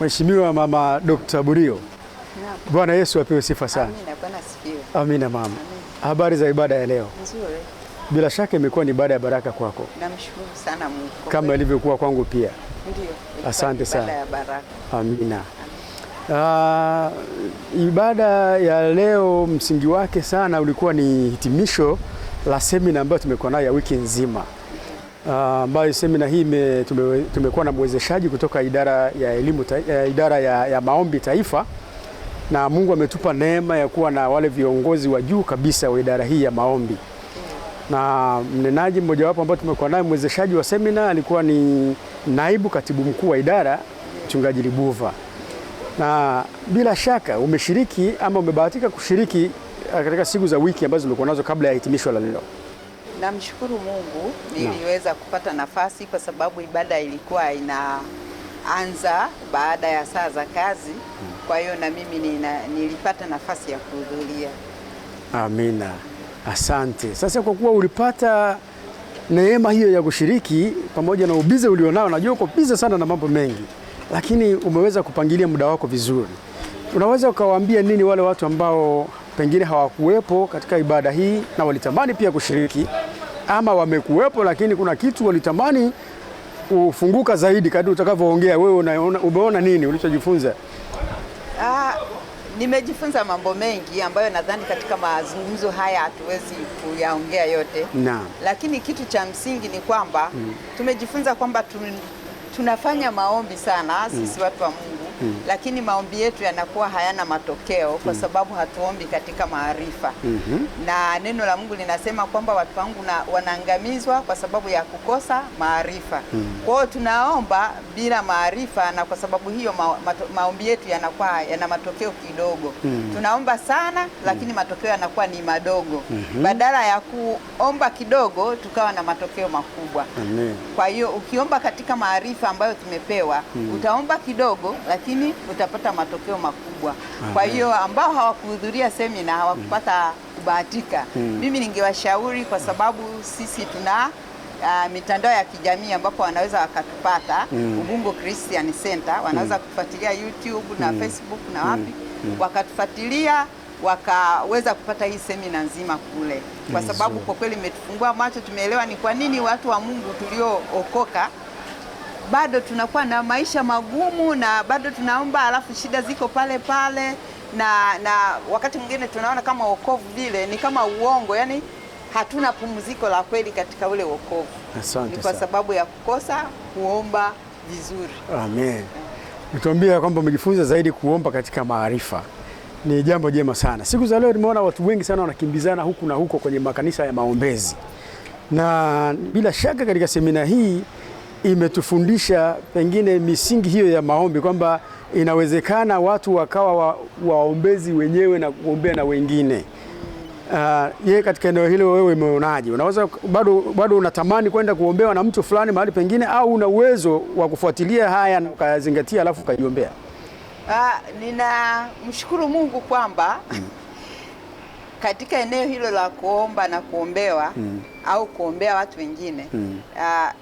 Mheshimiwa Mama Dr. Burio, Bwana Yesu apewe sifa sana. Amina, mama. Habari za ibada ya leo? Nzuri. Bila shaka imekuwa ni ibada ya baraka kwako. Namshukuru sana Mungu. Kama ilivyokuwa kwangu pia. Ndio. Asante sana. Ibada ya baraka. Amina. Amina. Uh, ibada ya leo msingi wake sana ulikuwa ni hitimisho la semina ambayo tumekuwa nayo ya wiki nzima ambayo uh, semina hii me, tume, tumekuwa na mwezeshaji kutoka idara ya elimu ta, idara ya, ya maombi taifa, na Mungu ametupa neema ya kuwa na wale viongozi wa juu kabisa wa idara hii ya maombi, na mnenaji mmojawapo ambao tumekuwa naye mwezeshaji wa semina alikuwa ni naibu katibu mkuu wa idara mchungaji Libuva, na bila shaka umeshiriki ama umebahatika kushiriki katika siku za wiki ambazo zimekuwa nazo kabla ya hitimisho la leo. Namshukuru Mungu niliweza no. kupata nafasi kwa sababu ibada ilikuwa inaanza baada ya saa za kazi mm. kwa hiyo na mimi nina, nilipata nafasi ya kuhudhuria. Amina, asante. Sasa kwa kuwa ulipata neema hiyo ya kushiriki pamoja na ubize ulionao, najua uko bize sana na mambo mengi, lakini umeweza kupangilia muda wako vizuri. Unaweza ukawaambia nini wale watu ambao pengine hawakuwepo katika ibada hii na walitamani pia kushiriki ama wamekuwepo, lakini kuna kitu walitamani ufunguka zaidi kadri utakavyoongea wewe. Unaona, umeona nini ulichojifunza? Ah, nimejifunza mambo mengi ambayo nadhani katika mazungumzo haya hatuwezi kuyaongea yote na. Lakini kitu cha msingi ni kwamba mm. tumejifunza kwamba tun, tunafanya maombi sana mm. sisi mm. watu wa Mungu mm. Lakini maombi yetu yanakuwa hayana matokeo kwa mm. sababu hatuombi katika maarifa mm -hmm. Na neno la Mungu linasema kwamba watu wangu wanaangamizwa kwa sababu ya kukosa maarifa mm. Kwa hiyo tunaomba bila maarifa, na kwa sababu hiyo ma, ma, maombi yetu yanakuwa yana matokeo kidogo mm. Tunaomba sana mm. lakini mm. matokeo yanakuwa ni madogo mm -hmm. Badala ya kuomba kidogo tukawa na matokeo makubwa Amen. Kwa hiyo ukiomba katika maarifa ambayo tumepewa mm. utaomba kidogo lakini lakini utapata matokeo makubwa. Kwa hiyo ambao hawakuhudhuria semina hawakupata kubahatika, hmm. mimi ningewashauri kwa sababu sisi tuna Uh, mitandao ya kijamii ambapo wanaweza wakatupata mm. Ubungo Christian Center wanaweza mm. kufuatilia YouTube na mm. Facebook na wapi mm. wakatufuatilia wakaweza kupata hii semina nzima kule, kwa hmm. sababu kwa kweli imetufungua macho, tumeelewa ni kwa nini watu wa Mungu tuliookoka bado tunakuwa na maisha magumu na bado tunaomba, alafu shida ziko pale pale, na na wakati mwingine tunaona kama wokovu vile ni kama uongo, yani hatuna pumziko la kweli katika ule wokovu. Asante, ni kwa sababu ya kukosa kuomba vizuri. Amen. Nituambia kwamba umejifunza zaidi kuomba katika maarifa ni jambo jema sana. Siku za leo nimeona watu wengi sana wanakimbizana huku na huko kwenye makanisa ya maombezi, na bila shaka katika semina hii imetufundisha pengine misingi hiyo ya maombi kwamba inawezekana watu wakawa wa, waombezi wenyewe na kuombea na wengine. Uh, ye katika eneo hilo wewe umeonaje? Unaweza bado, bado unatamani kwenda kuombewa na mtu fulani mahali pengine, au una uwezo wa kufuatilia haya na ukayazingatia alafu ukajiombea? Uh, ninamshukuru Mungu kwamba mm. katika eneo hilo la kuomba na kuombewa mm. au kuombea watu wengine mm. uh,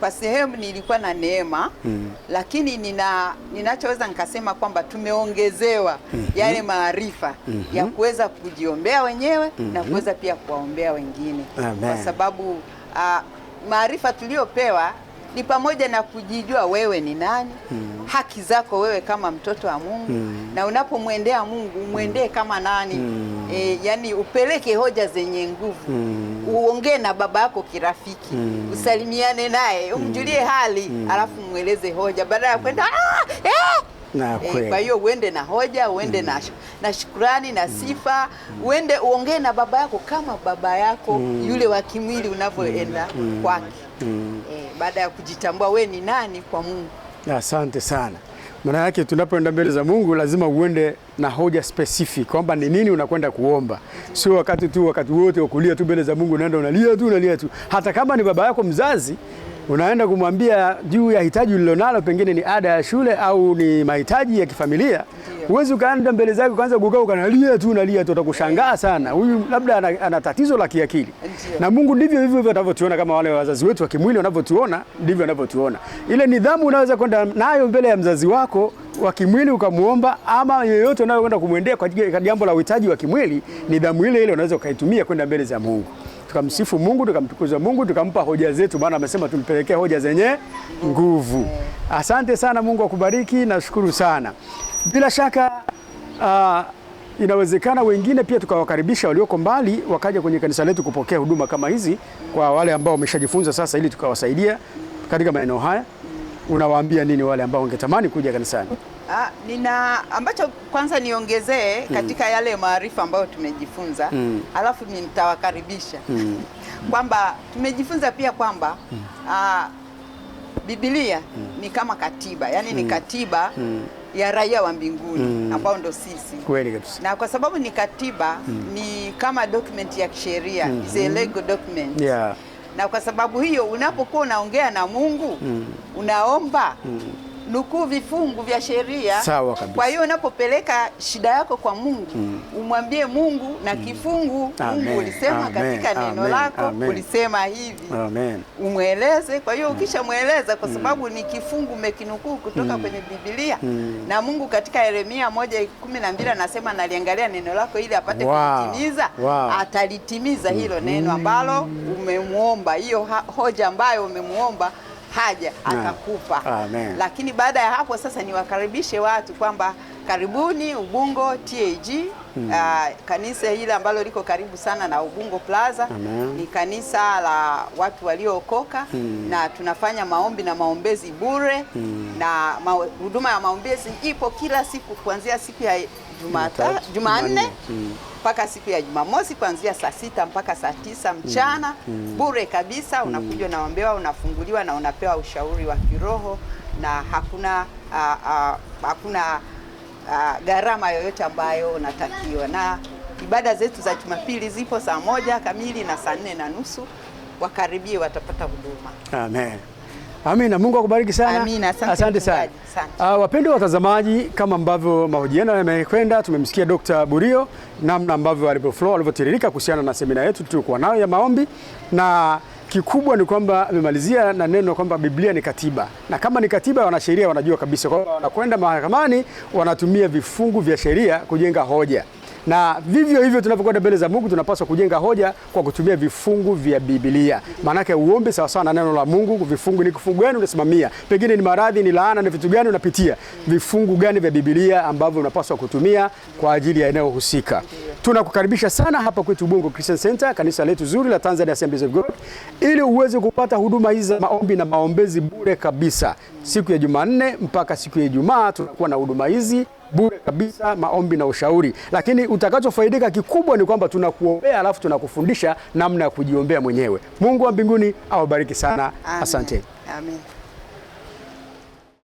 kwa sehemu nilikuwa na neema mm. Lakini nina ninachoweza nikasema kwamba tumeongezewa mm -hmm. yale maarifa mm -hmm. ya kuweza kujiombea wenyewe mm -hmm. na kuweza pia kuwaombea wengine Amen. Kwa sababu uh, maarifa tuliyopewa ni pamoja na kujijua wewe ni nani mm. haki zako wewe kama mtoto wa Mungu mm. na unapomwendea Mungu umwendee mm. kama nani mm. e, yani upeleke hoja zenye nguvu mm uongee na baba yako kirafiki mm. usalimiane naye hmm. umjulie hali mm. alafu mweleze hoja badala ya kwenda ah, eh! Na eh, Kwa hiyo uende na hoja uende mm. na, na shukurani na hmm. sifa mm. uende uongee na baba yako kama baba yako mm. yule wa kimwili unavyoenda mm. kwake mm. e, baada ya kujitambua we ni nani kwa Mungu. Asante sana. Maana yake tunapoenda mbele za Mungu lazima uende na hoja specific kwamba ni nini unakwenda kuomba, sio wakati tu wakati wote ukulia tu mbele za Mungu unaenda unalia tu unalia tu, hata kama ni baba yako mzazi unaenda kumwambia juu ya hitaji ulilonalo, pengine ni ada ya shule au ni mahitaji ya kifamilia. Huwezi ukaenda mbele zake kwanza kukaa ukanalia tu nalia tu, utakushangaa sana. Huyu labda ana, ana tatizo la kiakili. Na Mungu ndivyo hivyo hivyo anavyotuona, kama wale wazazi wetu wa kimwili wanavyotuona, ndivyo anavyotuona. Ile nidhamu unaweza kwenda nayo mbele ya mzazi wako wa kimwili ukamwomba, ama yeyote unayoenda kumwendea katika jambo la uhitaji wa kimwili, ni damu ile ile unaweza ukaitumia kwenda mbele za Mungu. Tukamsifu Mungu, tukamtukuza Mungu, tukampa hoja zetu, maana amesema tumpelekee hoja zenye nguvu. Asante sana, Mungu akubariki, nashukuru sana. Bila shaka uh, inawezekana wengine pia tukawakaribisha walioko mbali wakaja kwenye kanisa letu kupokea huduma kama hizi, kwa wale ambao wameshajifunza sasa, ili tukawasaidia katika maeneo haya unawaambia nini wale ambao wangetamani kuja kanisani? Ah, nina ambacho kwanza niongezee mm. katika mm. yale maarifa ambayo tumejifunza mm. alafu nitawakaribisha mm. kwamba tumejifunza pia kwamba mm. ah, Biblia mm. ni kama katiba yaani mm. ni katiba mm. ya raia wa mbinguni mm. ambao ndo sisi. Kweli kabisa. Na kwa sababu ni katiba mm. ni kama document ya kisheria mm -hmm. is a legal document. Yeah na kwa sababu hiyo unapokuwa unaongea na Mungu mm. unaomba mm nukuu vifungu vya sheria. Sawa kabisa. Kwa hiyo unapopeleka shida yako kwa Mungu mm. umwambie Mungu na mm. kifungu Amen. Mungu ulisema Amen. katika Amen. neno lako Amen. ulisema hivi Amen. umweleze. Kwa hiyo mm. ukishamweleza, kwa mm. sababu ni kifungu umekinukuu kutoka mm. kwenye Biblia mm. na Mungu katika Yeremia moja kumi na mbili anasema naliangalia neno lako ili apate wow. kutimiza wow. atalitimiza hilo mm. neno mm-hmm. ambalo umemwomba, hiyo hoja ambayo umemwomba haja atakupa. Amen. Lakini baada ya hapo sasa niwakaribishe watu kwamba karibuni Ubungo TAG. Hmm. Uh, kanisa hili ambalo liko karibu sana na Ubungo Plaza Amen. Ni kanisa la watu waliookoka hmm. Na tunafanya maombi na maombezi bure hmm. Na huduma ya maombezi ipo kila siku kuanzia siku ya Jumanne mm. mpaka siku ya Jumamosi kuanzia saa sita mpaka saa tisa mchana mm. mm. bure kabisa mm. unakuja unaombewa, unafunguliwa na unapewa ushauri wa kiroho na hakuna a, a, hakuna gharama yoyote ambayo unatakiwa. Na ibada zetu za Jumapili zipo saa moja kamili na saa nne na nusu. Wakaribie, watapata huduma. Amen. Amina, Mungu akubariki sana. Amina, asante, asante sana. Uh, wapendwa watazamaji, kama ambavyo mahojiano yamekwenda, tumemsikia Dr. Burio namna ambavyo alivyoflow alivyotiririka kuhusiana na semina yetu tulikuwa nayo ya maombi na kikubwa ni kwamba amemalizia na neno kwamba Biblia ni katiba, na kama ni katiba, wanasheria wanajua kabisa kwamba wanakwenda mahakamani wanatumia vifungu vya sheria kujenga hoja na vivyo hivyo tunavyokwenda mbele za Mungu tunapaswa kujenga hoja kwa kutumia vifungu vya Biblia. Maanake uombe sawasawa na neno la Mungu. Vifungu ni kifungu gani unasimamia, pengine ni maradhi, ni laana, ni vitu gani unapitia, vifungu gani vya Biblia ambavyo unapaswa kutumia kwa ajili ya eneo husika. Tunakukaribisha sana hapa kwetu Ubungo Christian Center, kanisa letu zuri la Tanzania Assemblies of God, ili uweze kupata huduma hizi za maombi na maombezi bure kabisa. Siku ya Jumanne mpaka siku ya Ijumaa tunakuwa na huduma hizi bure kabisa, maombi na ushauri. Lakini utakachofaidika kikubwa ni kwamba tunakuombea, alafu tunakufundisha namna ya kujiombea mwenyewe. Mungu wa mbinguni awabariki sana. Amen. Asante. Amen.